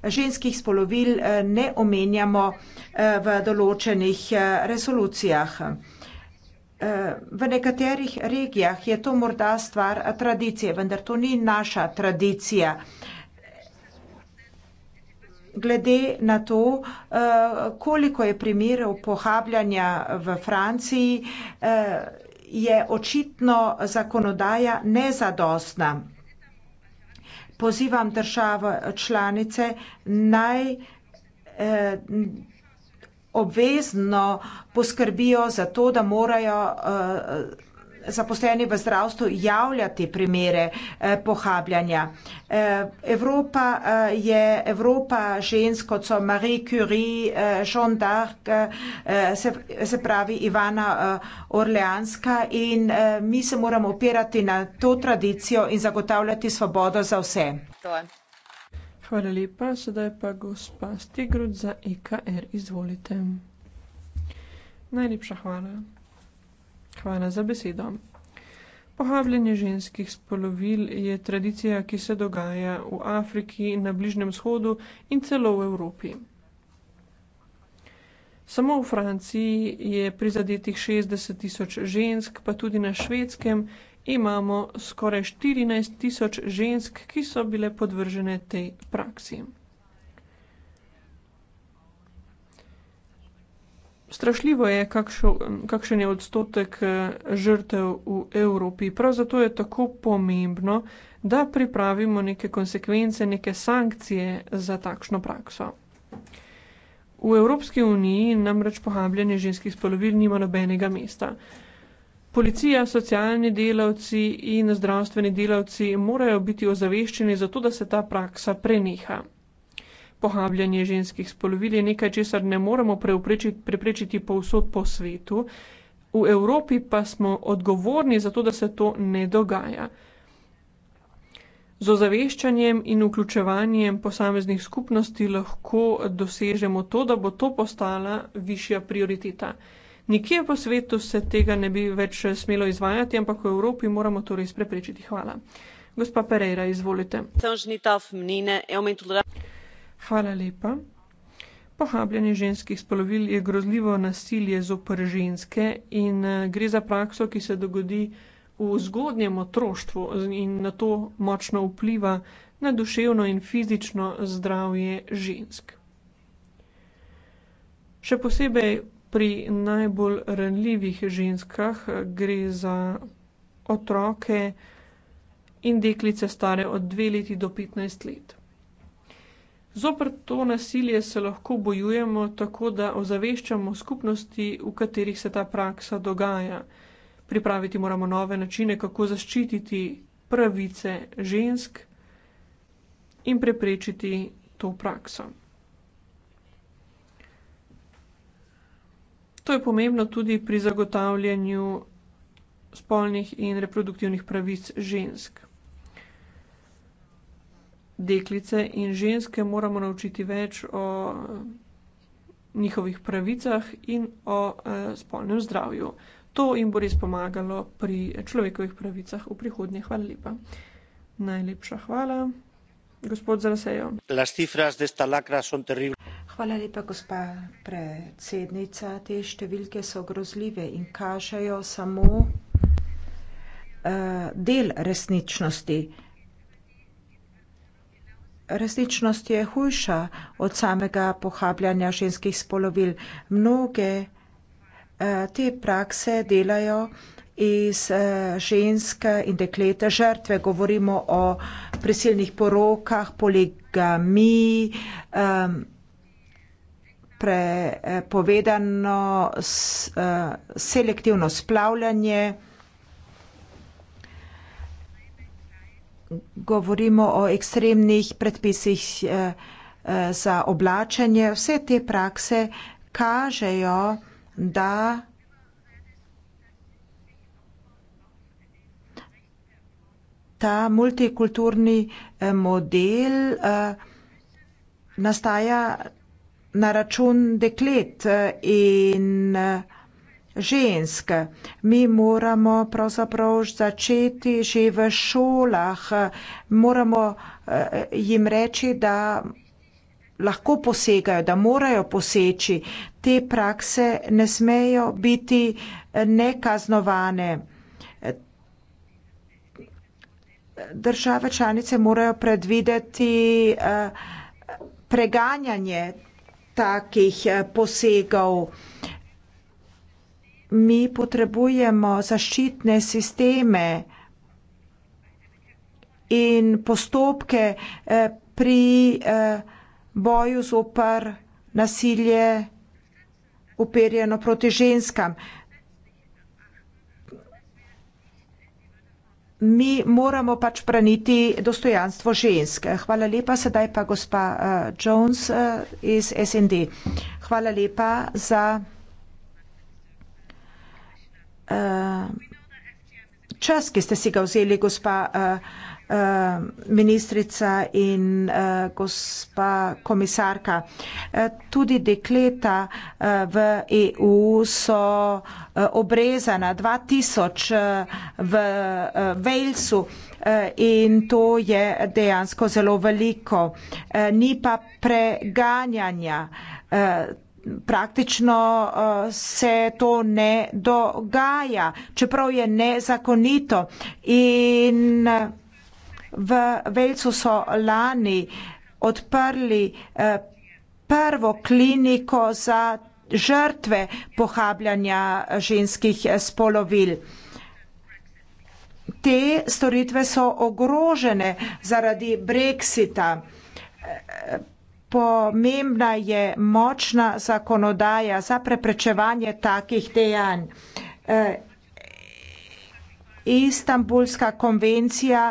ženskih spolovil ne omenjamo v določenih resolucijah. V nekaterih regijah je to morda stvar tradicije, vendar to ni naša tradicija glede na to, eh, koliko je primerov pohabljanja v Franciji, eh, je očitno zakonodaja nezadostna. Pozivam države članice naj eh, obvezno poskrbijo za to, da morajo zaposleni v zdravstvu javljati primere eh, pohabljanja. Eh, Evropa eh, je Evropa žensk, kot so Marie Curie, eh, Jean d'Arc, eh, se, se pravi Ivana eh, Orleanska in eh, mi se moramo opirati na to tradicijo in zagotavljati svobodo za vse. Hvala lepa, sedaj pa gospa Stigrud za IKR, e izvolite. Najlepša hvala. Hvala za besedo. Pohabljanje ženskih spolovil je tradicija, ki se dogaja v Afriki, na Bližnjem shodu in celo v Evropi. Samo v Franciji je prizadetih 60 tisoč žensk, pa tudi na švedskem imamo skoraj 14 tisoč žensk, ki so bile podvržene tej praksi. Strašljivo je, kakšo, kakšen je odstotek eh, žrtev v Evropi. Prav zato je tako pomembno, da pripravimo neke konsekvence, neke sankcije za takšno prakso. V Evropski uniji namreč pohabljanje ženskih spolovil nima nobenega mesta. Policija, socialni delavci in zdravstveni delavci morajo biti ozaveščeni zato, da se ta praksa preneha pohabljanje ženskih spolovil je nekaj, česar ne moremo preprečiti, preprečiti povsod po svetu. V Evropi pa smo odgovorni za to, da se to ne dogaja. Z ozaveščanjem in vključevanjem posameznih skupnosti lahko dosežemo to, da bo to postala višja prioriteta. Nikje po svetu se tega ne bi več smelo izvajati, ampak v Evropi moramo to res preprečiti. Hvala. Gospa Pereira, izvolite. Hvala lepa. Pohabljanje ženskih spolovil je grozljivo nasilje zoper ženske in eh, gre za prakso, ki se dogodi v zgodnjem otroštvu in na to močno vpliva na duševno in fizično zdravje žensk. Še posebej pri najbolj ranljivih ženskah eh, gre za otroke in deklice, stare od dve leti do petnajst let. Zoper to nasilje se lahko bojujemo tako, da ozaveščamo skupnosti, v katerih se ta praksa dogaja. Pripraviti moramo nove načine, kako zaščititi pravice žensk in preprečiti to prakso. To je pomembno tudi pri zagotavljanju spolnih in reproduktivnih pravic žensk deklice in ženske moramo naučiti več o njihovih pravicah in o spolnem zdravju. To jim bo res pomagalo pri človekovih pravicah v prihodnje. Hvala lepa. Najlepša hvala. Gospod Zrasejo. Hvala lepa, gospa predsednica. Te številke so grozljive in kažejo samo uh, del resničnosti. Uh, resničnost je hujša od samega pohabljanja ženskih spolovil. Mnoge eh, te prakse delajo iz eh, ženske in deklete žrtve. Govorimo o prisilnih porokah, poligamiji, prepovedano eh, selektivno splavljanje. govorimo o ekstremnih predpisih eh, eh, za oblačenje. Vse te prakse kažejo, da ta multikulturni eh, model nastaja na račun deklet in ženske. Mi moramo pravzaprav začeti že v šolah, moramo eh, jim reči, da lahko posegajo, da morajo poseči. Te prakse ne smejo biti eh, nekaznovane. Države članice morajo predvideti eh, preganjanje takih posegov mi potrebujemo zaščitne sisteme in postopke eh, pri eh, boju zoper nasilje uperjeno proti ženskam. Mi moramo pač braniti dostojanstvo žensk. Hvala lepa, sedaj pa gospa eh, Jones iz SND. Hvala lepa za Eh, čas, ki ste si ga vzeli, gospa eh, eh, ministrica in gospa komisarka. Tudi dekleta v EU so obrezana 2000 v Walesu in to je dejansko zelo veliko. Ni pa preganjanja praktično eh, se to ne dogaja, čeprav je nezakonito. In eh, v Velcu so lani odprli eh, prvo kliniko za žrtve pohabljanja ženskih spolovil. Te storitve so ogrožene zaradi brexita pomembna je močna zakonodaja za preprečevanje takih dejanj. Eh, Istanbulska konvencija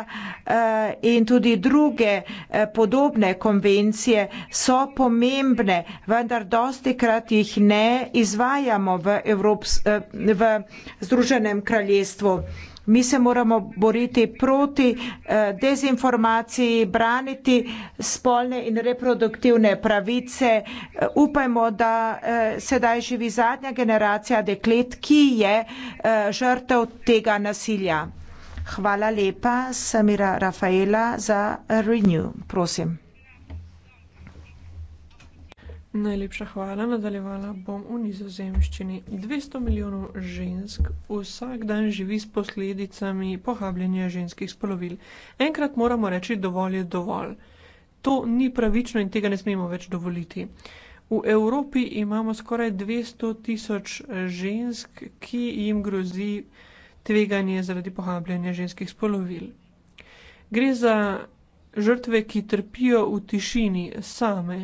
eh, in tudi druge eh, podobne konvencije so pomembne, vendar dosti krat jih ne izvajamo v, Evrops v Združenem kraljestvu. Mi se moramo boriti proti eh, dezinformaciji, braniti spolne in reproduktivne pravice. Eh, upajmo, da eh, sedaj živi zadnja generacija deklet, ki je eh, žrtev tega nasilja. Hvala lepa, Samira Rafaela, za Renew. Prosim. Najlepša hvala. Nadaljevala bom v nizozemščini. 200 milijonov žensk vsak dan živi s posledicami pohabljenja ženskih spolovil. Enkrat moramo reči, dovolj je dovolj. To ni pravično in tega ne smemo več dovoliti. V Evropi imamo skoraj 200 tisoč žensk, ki jim grozi tveganje zaradi pohabljenja ženskih spolovil. Gre za žrtve, ki trpijo v tišini same.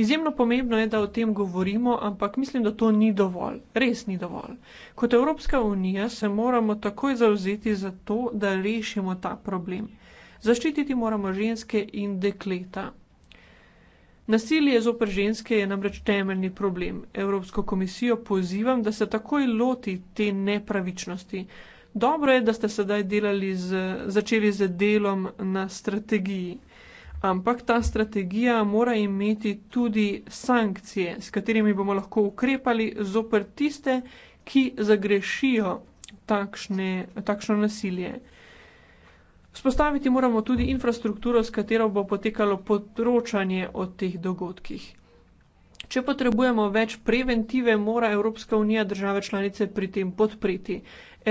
Izjemno pomembno je, da o tem govorimo, ampak mislim, da to ni dovolj, res ni dovolj. Kot Evropska unija se moramo takoj zauzeti za to, da rešimo ta problem. Zaščititi moramo ženske in dekleta. Nasilje zoper ženske je namreč temeljni problem. Evropsko komisijo pozivam, da se takoj loti te nepravičnosti. Dobro je, da ste sedaj z, začeli z delom na strategiji ampak ta strategija mora imeti tudi sankcije, s katerimi bomo lahko ukrepali zoper tiste, ki zagrešijo takšne, takšno nasilje. Spostaviti moramo tudi infrastrukturo, s katero bo potekalo področanje o teh dogodkih. Če potrebujemo več preventive, mora Evropska unija države članice pri tem podpreti.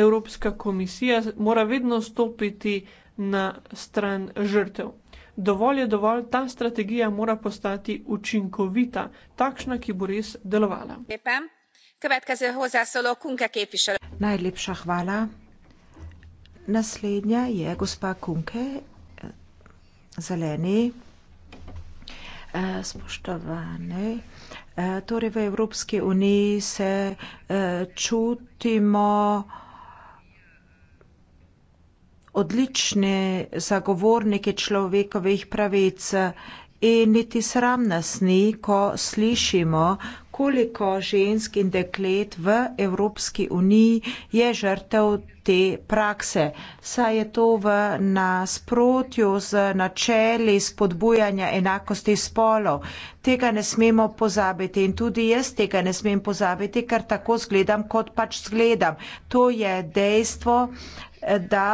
Evropska komisija mora vedno stopiti na stran žrtev. Dovolj je dovolj, ta strategija mora postati učinkovita, takšna, ki bo res delovala. Najlepša hvala. Naslednja je gospa Kunke, zeleni. Eh, spoštovane, eh, torej v Evropski uniji se eh, čutimo odlični zagovorniki človekovih pravic in niti sram nas ni, ko slišimo, koliko žensk in deklet v Evropski uniji je žrtev te prakse. Saj je to v nasprotju z načeli spodbujanja enakosti spolov. Tega ne smemo pozabiti in tudi jaz tega ne smem pozabiti, ker tako zgledam, kot pač zgledam. To je dejstvo, da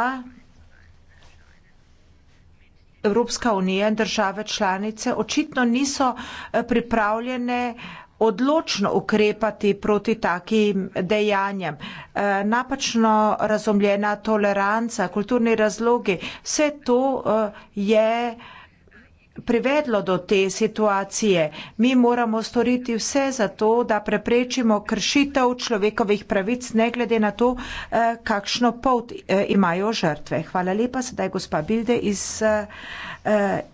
Evropska unija in države članice očitno niso eh, pripravljene odločno ukrepati proti takim dejanjem. Eh, napačno razumljena toleranca, kulturni razlogi, vse to eh, je privedlo do te situacije. Mi moramo storiti vse za to, da preprečimo kršitev človekovih pravic, ne glede na to, eh, kakšno pot eh, imajo žrtve. Hvala lepa, sedaj gospa Bilde iz eh,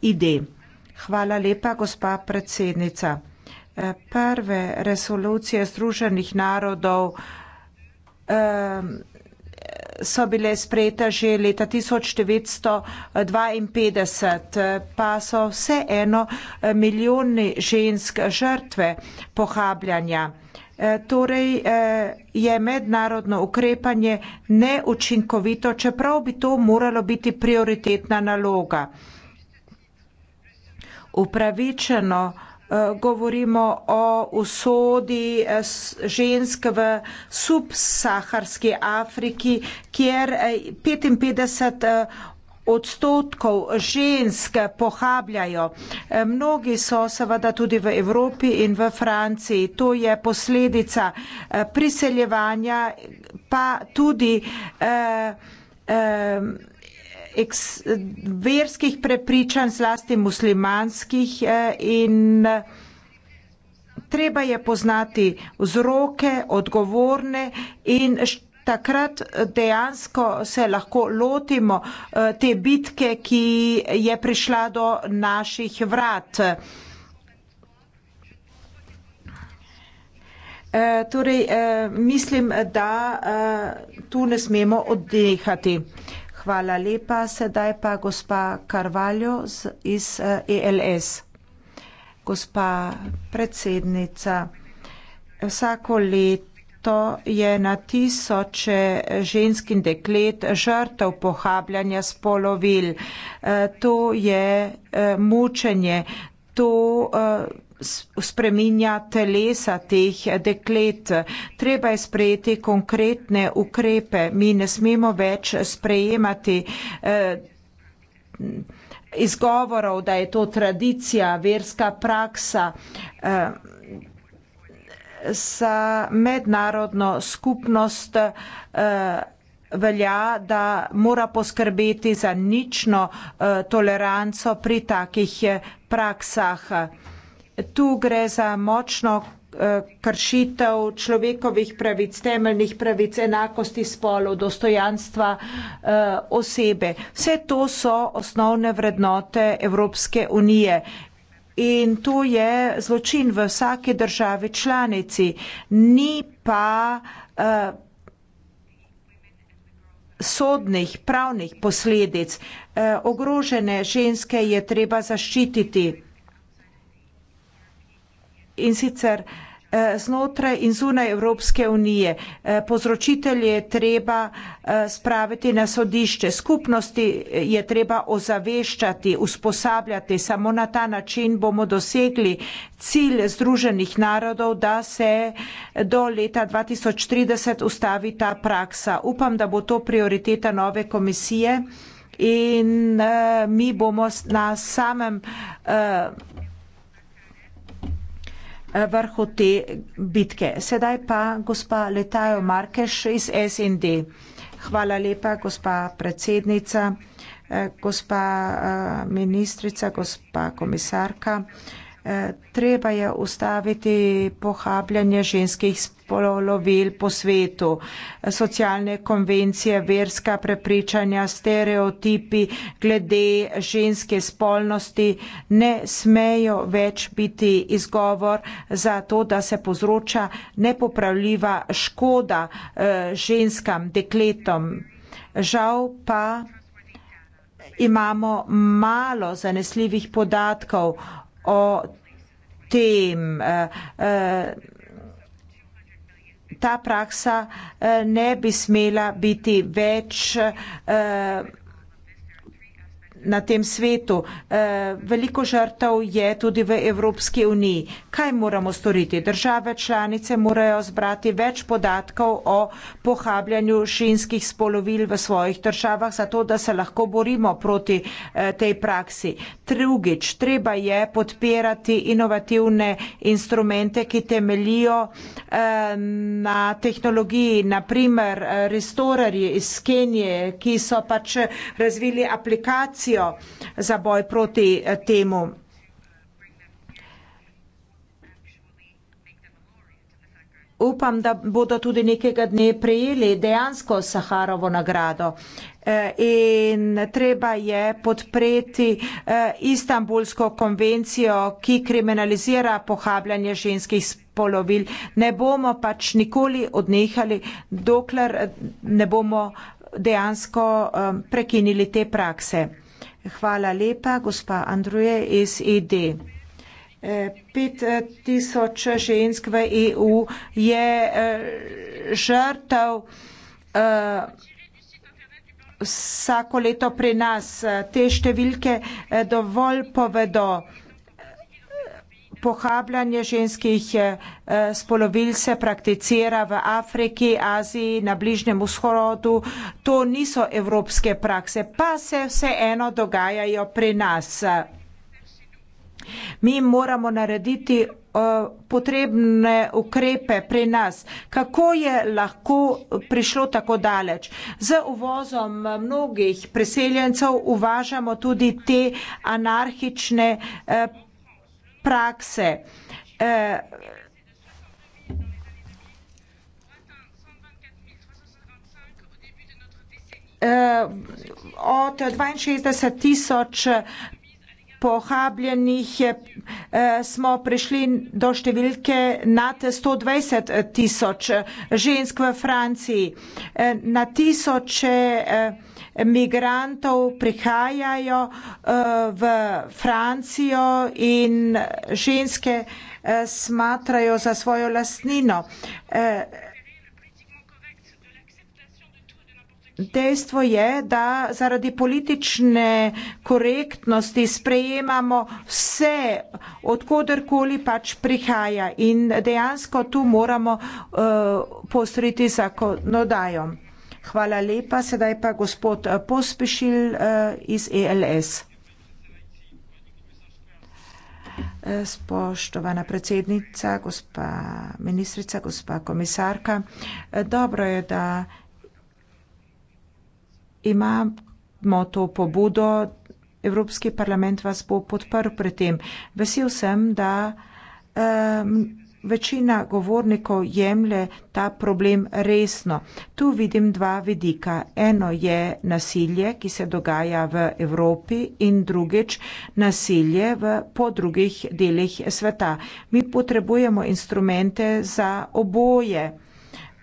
ID. Hvala lepa, gospa predsednica. Prve resolucije Združenih narodov so bile sprejeta že leta 1952, pa so vseeno eh, milijoni žensk žrtve pohabljanja. Eh, torej eh, je mednarodno ukrepanje neučinkovito, čeprav bi to moralo biti prioritetna naloga. Upravičeno Eh, govorimo o usodi eh, žensk v subsaharski Afriki, kjer 55 eh, odstotkov žensk pohabljajo. Mnogi so seveda tudi v Evropi in v Franciji. To je posledica priseljevanja, pa tudi eh, eh, eks, verskih prepričanj, zlasti muslimanskih eh, in eh, treba je poznati vzroke, odgovorne in takrat eh, dejansko se lahko lotimo te bitke, ki je prišla do naših vrat. Torej, mislim, da tu ne smemo oddihati. Hvala lepa. Sedaj pa gospa Karvaljo iz ELS. Eh, e gospa predsednica, vsako leto je na tisoče žensk in deklet žrtev pohabljanja spolovil. Eh, to je eh, mučenje. To spreminja telesa teh deklet. Treba je sprejeti konkretne ukrepe. Mi ne smemo več sprejemati eh, izgovorov, da je to tradicija, verska praksa. Eh, za mednarodno skupnost eh, velja, da mora poskrbeti za nično toleranco pri takih praksah. Tu gre za močno eh, kršitev človekovih pravic, temeljnih pravic, enakosti spolov, dostojanstva eh, osebe. Vse to so osnovne vrednote Evropske unije. In to je zločin v vsaki državi članici. Ni pa uh, sodnih, pravnih posledic. Uh, ogrožene ženske je treba zaščititi in sicer eh, znotraj in zunaj Evropske unije. Eh, Pozročitelj je treba eh, spraviti na sodišče, skupnosti je treba ozaveščati, usposabljati. Samo na ta način bomo dosegli cilj Združenih narodov, da se do leta 2030 ustavi ta praksa. Upam, da bo to prioriteta nove komisije in mi bomo na samem vrhu te bitke. Sedaj pa gospa Letajo Markeš iz SND. Hvala lepa, gospa predsednica, eh, gospa eh, ministrica, gospa komisarka treba je ustaviti pohabljanje ženskih spolovil po svetu. Socialne konvencije, verska prepričanja, stereotipi glede ženske spolnosti ne smejo več biti izgovor za to, da se povzroča nepopravljiva škoda eh, ženskam, dekletom. Žal pa imamo malo zanesljivih podatkov o tem. Eh, eh, ta praksa eh, ne bi smela biti več na tem svetu. Eh, veliko žrtev je tudi v Evropski uniji. Kaj moramo storiti? Države članice morajo zbrati več podatkov o pohabljanju šinskih spolovil v svojih državah, zato da se lahko borimo proti eh, tej praksi. Drugič, treba je podpirati inovativne instrumente, ki temelijo eh, na tehnologiji, naprimer restorerji iz Kenije, ki so pač razvili aplikacijo, koalicijo za boj proti eh, temu. Upam, da bodo tudi nekega dne prejeli dejansko Saharovo nagrado. Eh, in treba je podpreti eh, Istanbulsko konvencijo, ki kriminalizira pohabljanje ženskih spolovil. Ne bomo pač nikoli odnehali, dokler ne bomo dejansko prekinili te prakse. Hvala lepa, gospa Andruje iz ED. Eh, pet eh, tisoč žensk v EU je eh, žrtav vsako leto pri nas. Te številke dovolj povedo pohabljanje ženskih eh, eh, spolovil se prakticira v Afriki, Aziji, na Bližnjem vzhodu. To niso evropske prakse, pa se vseeno dogajajo pri nas. Mi moramo narediti eh, potrebne ukrepe pri nas. Kako je lahko prišlo tako daleč? Z uvozom mnogih priseljencev uvažamo tudi te anarhične prakse. E, od 62 tisoč pohabljenih je, eh, smo prišli do številke nad 120 tisoč žensk v Franciji. Na tisoče migrantov prihajajo eh, v Francijo in ženske eh, smatrajo za svojo lastnino. Eh, dejstvo je, da zaradi politične korektnosti sprejemamo vse, odkudrkoli pač prihaja in dejansko tu moramo uh, postriti zakonodajo. Hvala lepa. Sedaj pa gospod eh, Pospešil eh, iz ELS. Eh, spoštovana predsednica, gospa ministrica, gospa komisarka, dobro je, da imamo to pobudo. Evropski parlament vas bo podprl pri tem. Vesel sem, da večina govornikov jemlje ta problem resno. Tu vidim dva vidika. Eno je nasilje, ki se dogaja v Evropi in drugič nasilje v podrugih delih sveta. Mi potrebujemo instrumente za oboje.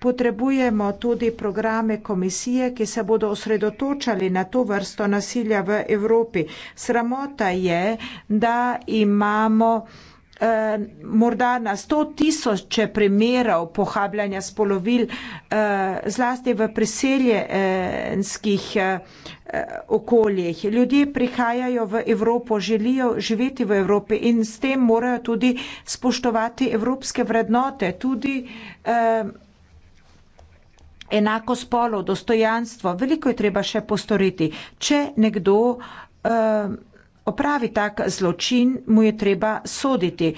Potrebujemo tudi programe komisije, ki se bodo osredotočali na to vrsto nasilja v Evropi. Sramota je, da imamo eh, morda na sto tisoče primerov pohabljanja spolovil, eh, zlasti v priseljenskih eh, okoljih. Ljudje prihajajo v Evropo, želijo živeti v Evropi in s tem morajo tudi spoštovati evropske vrednote, tudi eh, enako spolo, dostojanstvo, veliko je treba še postoriti. Če nekdo eh, opravi tak zločin, mu je treba soditi.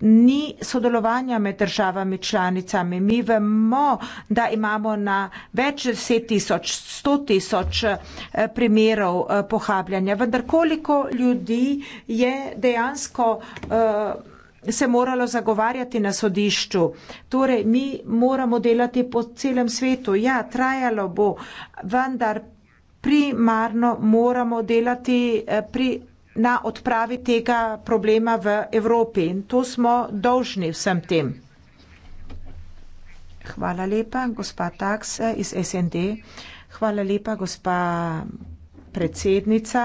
Ni sodelovanja med državami članicami. Mi vemo, da imamo na več deset tisoč, sto tisoč eh, primerov eh, pohabljanja, vendar koliko ljudi je dejansko eh, se moralo zagovarjati na sodišču. Torej, mi moramo delati po celem svetu. Ja, trajalo bo, vendar primarno moramo delati eh, pri, na odpravi tega problema v Evropi in to smo dolžni vsem tem. Hvala lepa, gospa Tax eh, iz SND. Hvala lepa, gospa predsednica.